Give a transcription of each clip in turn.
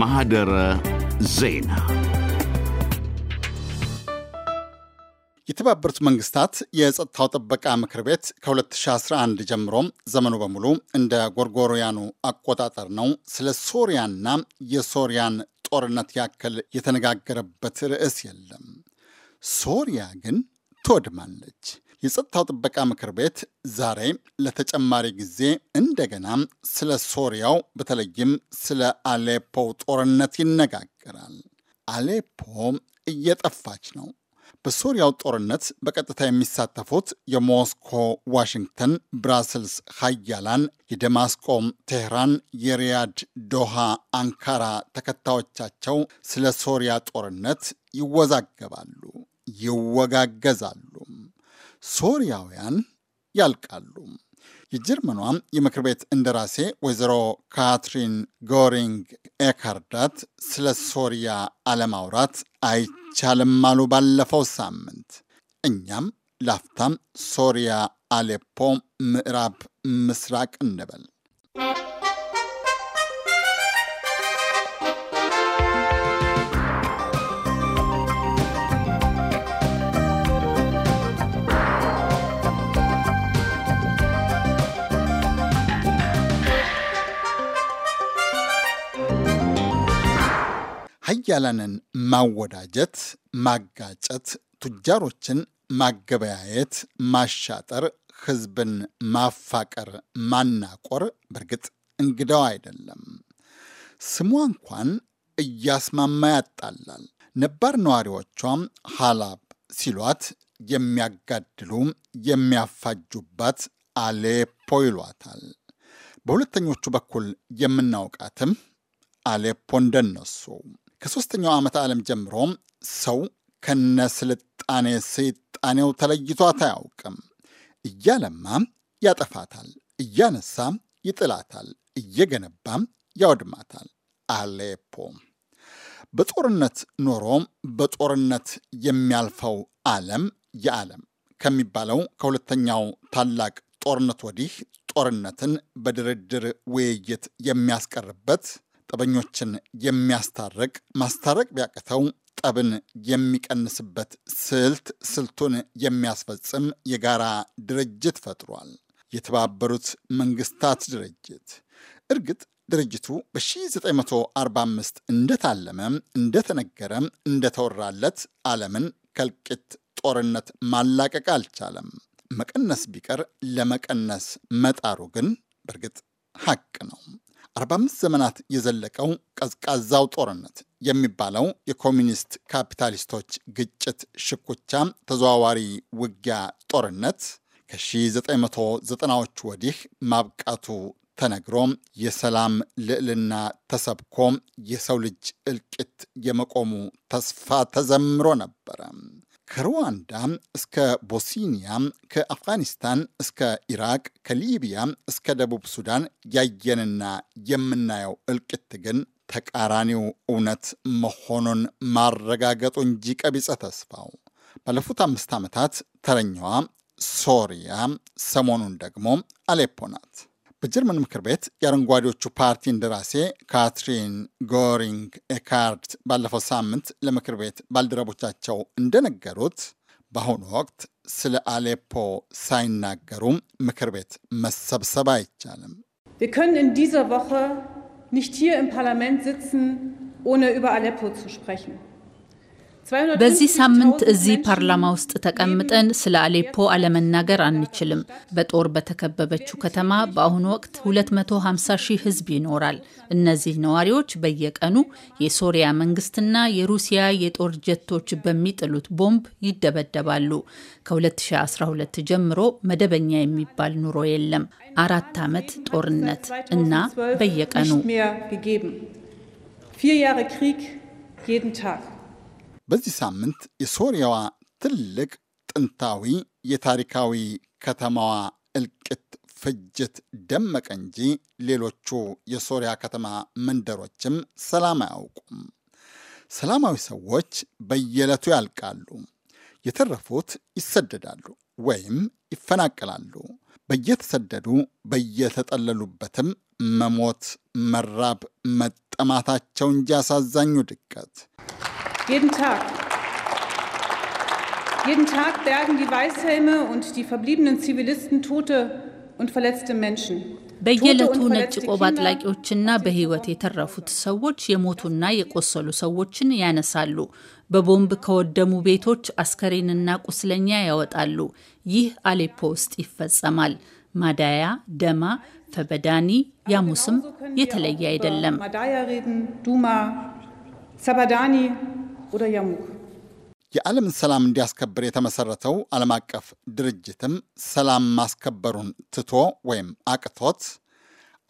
ማህደረ ዜና የተባበሩት መንግስታት የጸጥታው ጥበቃ ምክር ቤት ከ2011 ጀምሮ ዘመኑ በሙሉ እንደ ጎርጎሮያኑ አቆጣጠር ነው። ስለ ሶሪያና የሶሪያን ጦርነት ያክል የተነጋገረበት ርዕስ የለም። ሶሪያ ግን ትወድማለች። የጸጥታው ጥበቃ ምክር ቤት ዛሬ ለተጨማሪ ጊዜ እንደገና ስለ ሶሪያው በተለይም ስለ አሌፖ ጦርነት ይነጋገራል። አሌፖ እየጠፋች ነው። በሶሪያው ጦርነት በቀጥታ የሚሳተፉት የሞስኮ፣ ዋሽንግተን፣ ብራስልስ ሀያላን፣ የደማስቆም፣ ቴህራን፣ የሪያድ፣ ዶሃ፣ አንካራ ተከታዮቻቸው ስለ ሶሪያ ጦርነት ይወዛገባሉ፣ ይወጋገዛሉ። ሶሪያውያን ያልቃሉ። የጀርመኗ የምክር ቤት እንደራሴ ወይዘሮ ካትሪን ጎሪንግ ኤካርዳት ስለ ሶሪያ አለማውራት አይቻልም አሉ ባለፈው ሳምንት። እኛም ላፍታም ሶሪያ አሌፖ፣ ምዕራብ ምስራቅ እንበል። ኃያላንን ማወዳጀት፣ ማጋጨት፣ ቱጃሮችን ማገበያየት፣ ማሻጠር፣ ህዝብን ማፋቀር፣ ማናቆር በእርግጥ እንግዳው አይደለም። ስሟ እንኳን እያስማማ ያጣላል። ነባር ነዋሪዎቿም ሀላብ ሲሏት የሚያጋድሉ የሚያፋጁባት አሌፖ ይሏታል። በሁለተኞቹ በኩል የምናውቃትም አሌፖ እንደነሱ ከሶስተኛው ዓመት ዓለም ጀምሮም ሰው ከነስልጣኔ ሰይጣኔው ተለይቷት አያውቅም። እያለማ ያጠፋታል፣ እያነሳ ይጥላታል፣ እየገነባ ያወድማታል። አሌፖ በጦርነት ኖሮ በጦርነት የሚያልፈው ዓለም የዓለም ከሚባለው ከሁለተኛው ታላቅ ጦርነት ወዲህ ጦርነትን በድርድር ውይይት የሚያስቀርበት ጠበኞችን የሚያስታርቅ ማስታረቅ ቢያቅተው ጠብን የሚቀንስበት ስልት ስልቱን የሚያስፈጽም የጋራ ድርጅት ፈጥሯል። የተባበሩት መንግስታት ድርጅት እርግጥ ድርጅቱ በ1945 እንደታለመ እንደተነገረ እንደተወራለት ዓለምን ከልቂት ጦርነት ማላቀቅ አልቻለም። መቀነስ ቢቀር ለመቀነስ መጣሩ ግን በእርግጥ ሀቅ ነው። 45 ዘመናት የዘለቀው ቀዝቃዛው ጦርነት የሚባለው የኮሚኒስት ካፒታሊስቶች ግጭት፣ ሽኩቻ፣ ተዘዋዋሪ ውጊያ ጦርነት ከ1990ዎቹ ወዲህ ማብቃቱ ተነግሮ የሰላም ልዕልና ተሰብኮ የሰው ልጅ እልቂት የመቆሙ ተስፋ ተዘምሮ ነበረ። ከሩዋንዳ እስከ ቦስኒያ፣ ከአፍጋኒስታን እስከ ኢራቅ፣ ከሊቢያ እስከ ደቡብ ሱዳን ያየንና የምናየው እልቂት ግን ተቃራኒው እውነት መሆኑን ማረጋገጡ እንጂ ቀቢጸ ተስፋው። ባለፉት አምስት ዓመታት ተረኛዋ ሶሪያ፣ ሰሞኑን ደግሞ አሌፖ ናት። በጀርመን ምክር ቤት የአረንጓዴዎቹ ፓርቲ እንደራሴ ካትሪን ጎሪንግ ኤካርት ባለፈው ሳምንት ለምክር ቤት ባልደረቦቻቸው እንደነገሩት በአሁኑ ወቅት ስለ አሌፖ ሳይናገሩ ምክር ቤት መሰብሰብ አይቻልም። ኒሽት ሂር ኢም ፓርላመንት ሲtzen ohne über Aleppo zu sprechen. በዚህ ሳምንት እዚህ ፓርላማ ውስጥ ተቀምጠን ስለ አሌፖ አለመናገር አንችልም። በጦር በተከበበችው ከተማ በአሁኑ ወቅት 250 ሺህ ሕዝብ ይኖራል። እነዚህ ነዋሪዎች በየቀኑ የሶሪያ መንግስትና የሩሲያ የጦር ጀቶች በሚጥሉት ቦምብ ይደበደባሉ። ከ2012 ጀምሮ መደበኛ የሚባል ኑሮ የለም። አራት ዓመት ጦርነት እና በየቀኑ በዚህ ሳምንት የሶሪያዋ ትልቅ ጥንታዊ የታሪካዊ ከተማዋ እልቅት ፍጅት ደመቀ እንጂ ሌሎቹ የሶሪያ ከተማ መንደሮችም ሰላም አያውቁም። ሰላማዊ ሰዎች በየዕለቱ ያልቃሉ፣ የተረፉት ይሰደዳሉ ወይም ይፈናቀላሉ። በየተሰደዱ በየተጠለሉበትም መሞት፣ መራብ፣ መጠማታቸው እንጂ አሳዛኙ ድቀት Jeden Tag. Jeden Tag bergen die Weißhelme und die verbliebenen Zivilisten tote und verletzte Menschen. በየዕለቱ ነጭ ቆብ አጥላቂዎችና በህይወት የተረፉት ሰዎች የሞቱና የቆሰሉ ሰዎችን ያነሳሉ። በቦምብ ከወደሙ ቤቶች አስከሬንና ቁስለኛ ያወጣሉ። ይህ አሌፖ ውስጥ ይፈጸማል። ማዳያ፣ ደማ፣ ፈበዳኒ፣ ያሙስም የተለየ አይደለም። ማዳያ ዱማ፣ oder Yamuk. የዓለምን ሰላም እንዲያስከብር የተመሰረተው ዓለም አቀፍ ድርጅትም ሰላም ማስከበሩን ትቶ ወይም አቅቶት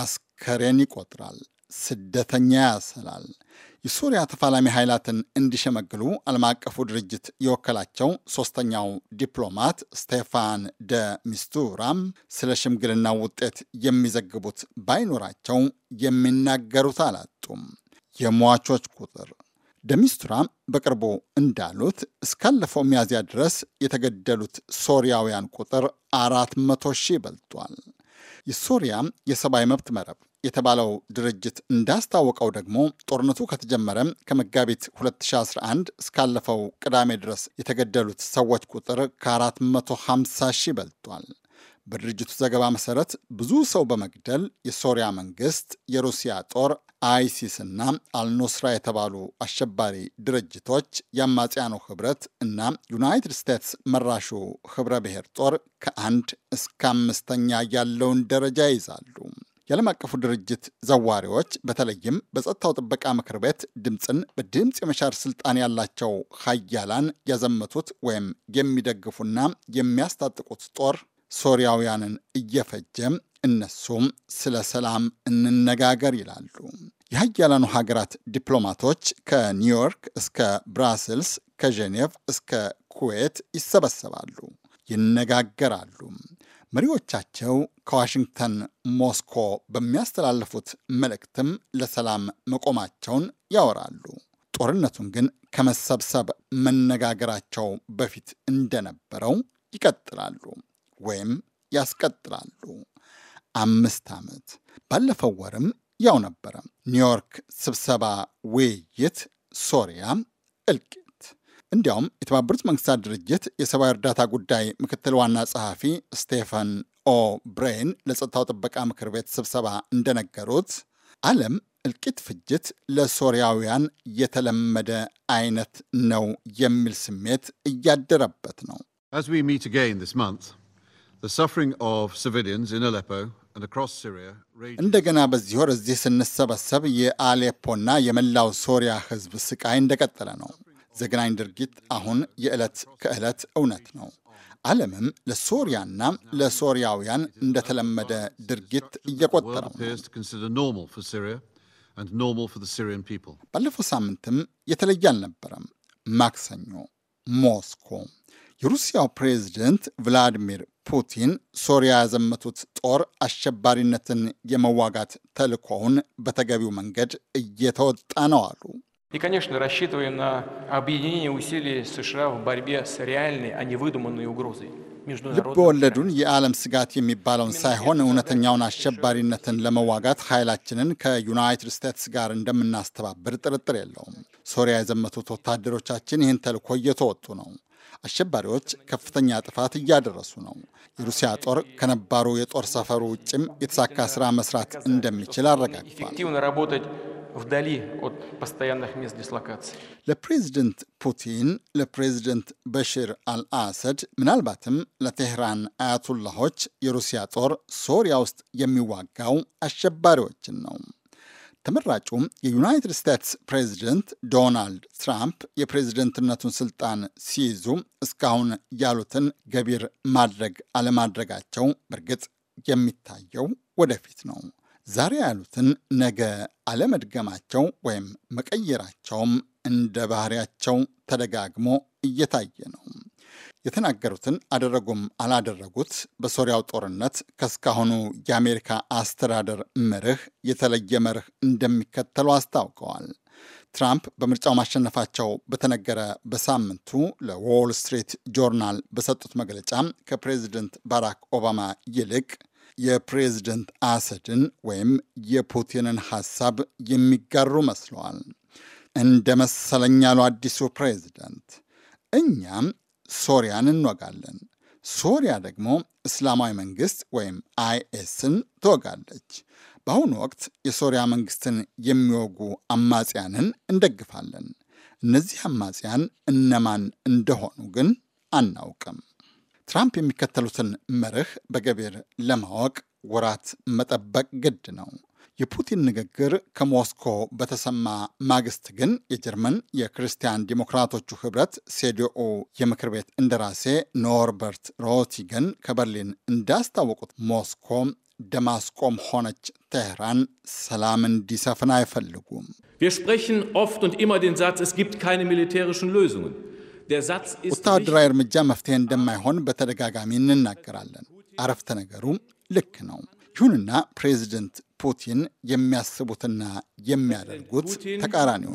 አስከሬን ይቆጥራል፣ ስደተኛ ያሰላል። የሱሪያ ተፋላሚ ኃይላትን እንዲሸመግሉ ዓለም አቀፉ ድርጅት የወከላቸው ሶስተኛው ዲፕሎማት ስቴፋን ደ ሚስቱራም ስለ ሽምግልናው ውጤት የሚዘግቡት ባይኖራቸው የሚናገሩት አላጡም። የሟቾች ቁጥር ደሚስቱራ በቅርቡ እንዳሉት እስካለፈው ሚያዝያ ድረስ የተገደሉት ሶሪያውያን ቁጥር አራት መቶ ሺህ በልጧል። የሶሪያ የሰብአዊ መብት መረብ የተባለው ድርጅት እንዳስታወቀው ደግሞ ጦርነቱ ከተጀመረ ከመጋቢት 2011 እስካለፈው ቅዳሜ ድረስ የተገደሉት ሰዎች ቁጥር ከ450 ሺህ በልጧል። በድርጅቱ ዘገባ መሰረት ብዙ ሰው በመግደል የሶሪያ መንግስት፣ የሩሲያ ጦር፣ አይሲስ እና አልኖስራ የተባሉ አሸባሪ ድርጅቶች፣ የአማጽያኑ ህብረት እና ዩናይትድ ስቴትስ መራሹ ህብረ ብሔር ጦር ከአንድ እስከ አምስተኛ ያለውን ደረጃ ይዛሉ። የዓለም አቀፉ ድርጅት ዘዋሪዎች በተለይም በጸጥታው ጥበቃ ምክር ቤት ድምፅን በድምፅ የመሻር ስልጣን ያላቸው ሀያላን ያዘመቱት ወይም የሚደግፉና የሚያስታጥቁት ጦር ሶሪያውያንን እየፈጀም እነሱም ስለ ሰላም እንነጋገር ይላሉ። የሀያላኑ ሀገራት ዲፕሎማቶች ከኒውዮርክ እስከ ብራስልስ ከጄኔቭ እስከ ኩዌት ይሰበሰባሉ፣ ይነጋገራሉ። መሪዎቻቸው ከዋሽንግተን ሞስኮ በሚያስተላልፉት መልእክትም ለሰላም መቆማቸውን ያወራሉ። ጦርነቱን ግን ከመሰብሰብ መነጋገራቸው በፊት እንደነበረው ይቀጥላሉ። ወይም ያስቀጥላሉ። አምስት ዓመት። ባለፈው ወርም ያው ነበረ። ኒውዮርክ ስብሰባ፣ ውይይት፣ ሶሪያ እልቂት። እንዲያውም የተባበሩት መንግስታት ድርጅት የሰብአዊ እርዳታ ጉዳይ ምክትል ዋና ጸሐፊ ስቴፈን ኦ ብሬን ለጸጥታው ጥበቃ ምክር ቤት ስብሰባ እንደነገሩት ዓለም እልቂት፣ ፍጅት ለሶሪያውያን የተለመደ አይነት ነው የሚል ስሜት እያደረበት ነው። እንደገና በዚህ ወር እዚህ ስንሰበሰብ የአሌፖና የመላው ሶሪያ ህዝብ ስቃይ እንደቀጠለ ነው። ዘግናኝ ድርጊት አሁን የዕለት ከዕለት እውነት ነው። ዓለምም ለሶሪያና ለሶሪያውያን እንደተለመደ ድርጊት እየቆጠረው ባለፈው ሳምንትም የተለየ አልነበረም። ማክሰኞ ሞስኮ የሩሲያው ፕሬዝደንት ቭላዲሚር ፑቲን ሶሪያ ያዘመቱት ጦር አሸባሪነትን የመዋጋት ተልኮውን በተገቢው መንገድ እየተወጣ ነው አሉ። ልብ ወለዱን የዓለም ስጋት የሚባለውን ሳይሆን እውነተኛውን አሸባሪነትን ለመዋጋት ኃይላችንን ከዩናይትድ ስቴትስ ጋር እንደምናስተባብር ጥርጥር የለውም። ሶሪያ የዘመቱት ወታደሮቻችን ይህን ተልኮ እየተወጡ ነው። አሸባሪዎች ከፍተኛ ጥፋት እያደረሱ ነው። የሩሲያ ጦር ከነባሩ የጦር ሰፈሩ ውጭም የተሳካ ስራ መስራት እንደሚችል አረጋግጧል። ለፕሬዚደንት ፑቲን፣ ለፕሬዝደንት በሽር አልአሰድ ምናልባትም ለቴህራን አያቱላሆች የሩሲያ ጦር ሶሪያ ውስጥ የሚዋጋው አሸባሪዎችን ነው። ተመራጩም የዩናይትድ ስቴትስ ፕሬዚደንት ዶናልድ ትራምፕ የፕሬዝደንትነቱን ስልጣን ሲይዙ እስካሁን ያሉትን ገቢር ማድረግ አለማድረጋቸው በእርግጥ የሚታየው ወደፊት ነው። ዛሬ ያሉትን ነገ አለመድገማቸው ወይም መቀየራቸውም እንደ ባህሪያቸው ተደጋግሞ እየታየ ነው። የተናገሩትን አደረጉም አላደረጉት በሶሪያው ጦርነት ከስካሁኑ የአሜሪካ አስተዳደር መርህ የተለየ መርህ እንደሚከተሉ አስታውቀዋል። ትራምፕ በምርጫው ማሸነፋቸው በተነገረ በሳምንቱ ለዎል ስትሪት ጆርናል በሰጡት መግለጫ ከፕሬዚደንት ባራክ ኦባማ ይልቅ የፕሬዝደንት አሰድን ወይም የፑቲንን ሐሳብ የሚጋሩ መስለዋል። እንደ መሰለኛሉ ያሉ አዲሱ ፕሬዝደንት እኛም ሶሪያን እንወጋለን። ሶሪያ ደግሞ እስላማዊ መንግስት ወይም አይኤስን ትወጋለች። በአሁኑ ወቅት የሶሪያ መንግስትን የሚወጉ አማጽያንን እንደግፋለን። እነዚህ አማጽያን እነማን እንደሆኑ ግን አናውቅም። ትራምፕ የሚከተሉትን መርህ በገቢር ለማወቅ ወራት መጠበቅ ግድ ነው። የፑቲን ንግግር ከሞስኮ በተሰማ ማግስት ግን የጀርመን የክርስቲያን ዲሞክራቶቹ ህብረት ሴዲኦ የምክር ቤት እንደራሴ ኖርበርት ሮቲገን ከበርሊን እንዳስታወቁት ሞስኮ ደማስቆም ሆነች ቴህራን ሰላም እንዲሰፍን አይፈልጉም። Wir sprechen oft und immer den Satz, es gibt keine militärischen Lösungen. ወታደራዊ እርምጃ መፍትሄ እንደማይሆን በተደጋጋሚ እንናገራለን። አረፍተ ነገሩ ልክ ነው። ይሁንና ፕሬዚደንት ፑቲን የሚያስቡትና የሚያደርጉት ተቃራኒው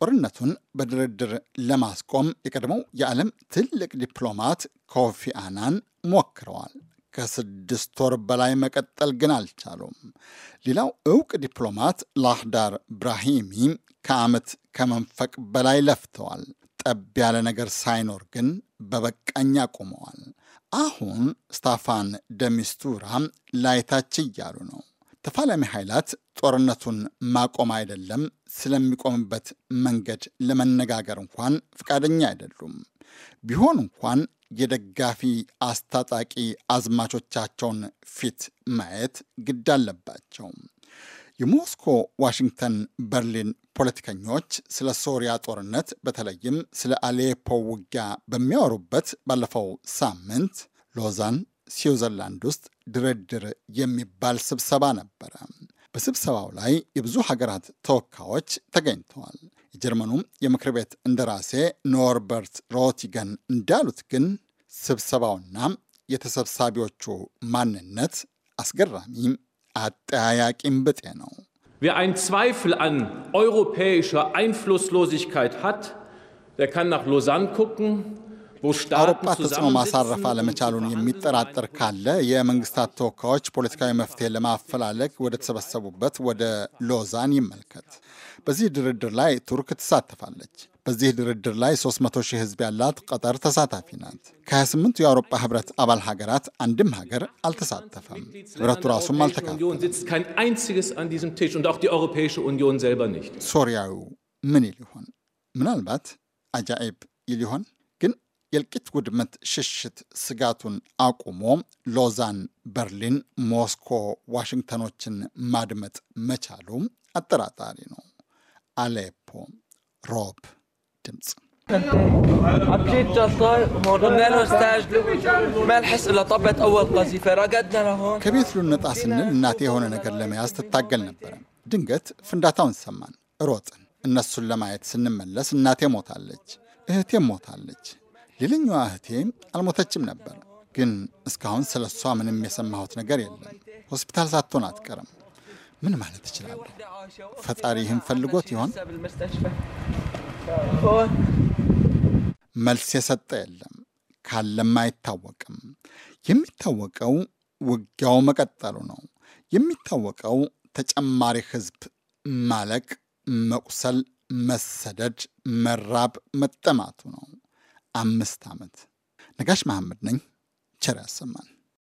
ጦርነቱን በድርድር ለማስቆም የቀድሞው የዓለም ትልቅ ዲፕሎማት ኮፊ አናን ሞክረዋል። ከስድስት ወር በላይ መቀጠል ግን አልቻሉም። ሌላው እውቅ ዲፕሎማት ላህዳር ብራሂሚ ከዓመት ከመንፈቅ በላይ ለፍተዋል። ጠብ ያለ ነገር ሳይኖር ግን በበቃኝ አቁመዋል። አሁን ስታፋን ደሚስቱራ ላይታች እያሉ ነው። ተፋላሚ ኃይላት ጦርነቱን ማቆም አይደለም ስለሚቆምበት መንገድ ለመነጋገር እንኳን ፈቃደኛ አይደሉም። ቢሆን እንኳን የደጋፊ አስታጣቂ አዝማቾቻቸውን ፊት ማየት ግድ አለባቸው። የሞስኮ ዋሽንግተን፣ በርሊን ፖለቲከኞች ስለ ሶሪያ ጦርነት በተለይም ስለ አሌፖ ውጊያ በሚያወሩበት ባለፈው ሳምንት ሎዛን ስዊዘርላንድ ውስጥ ድርድር የሚባል ስብሰባ ነበረ። በስብሰባው ላይ የብዙ ሀገራት ተወካዮች ተገኝተዋል። የጀርመኑም የምክር ቤት እንደራሴ ኖርበርት ሮቲገን እንዳሉት ግን ስብሰባውና የተሰብሳቢዎቹ ማንነት አስገራሚ አጠያያቂም ብጤ ነው። wer einen Zweifel an europäischer Einflusslosigkeit hat, der kann nach Lausanne gucken, አውሮፓ ተጽዕኖ ማሳረፍ አለመቻሉን የሚጠራጠር ካለ የመንግስታት ተወካዮች ፖለቲካዊ መፍትሄ ለማፈላለግ ወደ ተሰበሰቡበት ወደ ሎዛን ይመልከት። በዚህ ድርድር ላይ ቱርክ ትሳተፋለች። በዚህ ድርድር ላይ 300 ሺህ ህዝብ ያላት ቀጠር ተሳታፊ ናት። ከ28ቱ የአውሮፓ ህብረት አባል ሀገራት አንድም ሀገር አልተሳተፈም። ህብረቱ ራሱም አልተካፈለም። ሶሪያዊው ምን ይል ይሆን? ምናልባት አጃኤብ ይል ይሆን? ግን የእልቂት ውድመት ሽሽት ስጋቱን አቁሞ ሎዛን፣ በርሊን፣ ሞስኮ፣ ዋሽንግተኖችን ማድመጥ መቻሉ አጠራጣሪ ነው። አሌፖ ሮብ ድምፅ ከቤት ልንወጣ ስንል እናቴ የሆነ ነገር ለመያዝ ትታገል ነበረ። ድንገት ፍንዳታውን ሰማን፣ ሮጥን። እነሱን ለማየት ስንመለስ እናቴ ሞታለች፣ እህቴም ሞታለች። ሌላኛዋ እህቴም አልሞተችም ነበር፣ ግን እስካሁን ስለ እሷ ምንም የሰማሁት ነገር የለም። ሆስፒታል ሳትሆን አትቀርም። ምን ማለት እችላለሁ? ፈጣሪ ይህን ፈልጎት ይሆን? መልስ የሰጠ የለም፣ ካለም አይታወቅም። የሚታወቀው ውጊያው መቀጠሉ ነው። የሚታወቀው ተጨማሪ ህዝብ ማለቅ፣ መቁሰል፣ መሰደድ፣ መራብ፣ መጠማቱ ነው። አምስት ዓመት ነጋሽ መሐመድ ነኝ። ቸር ያሰማን።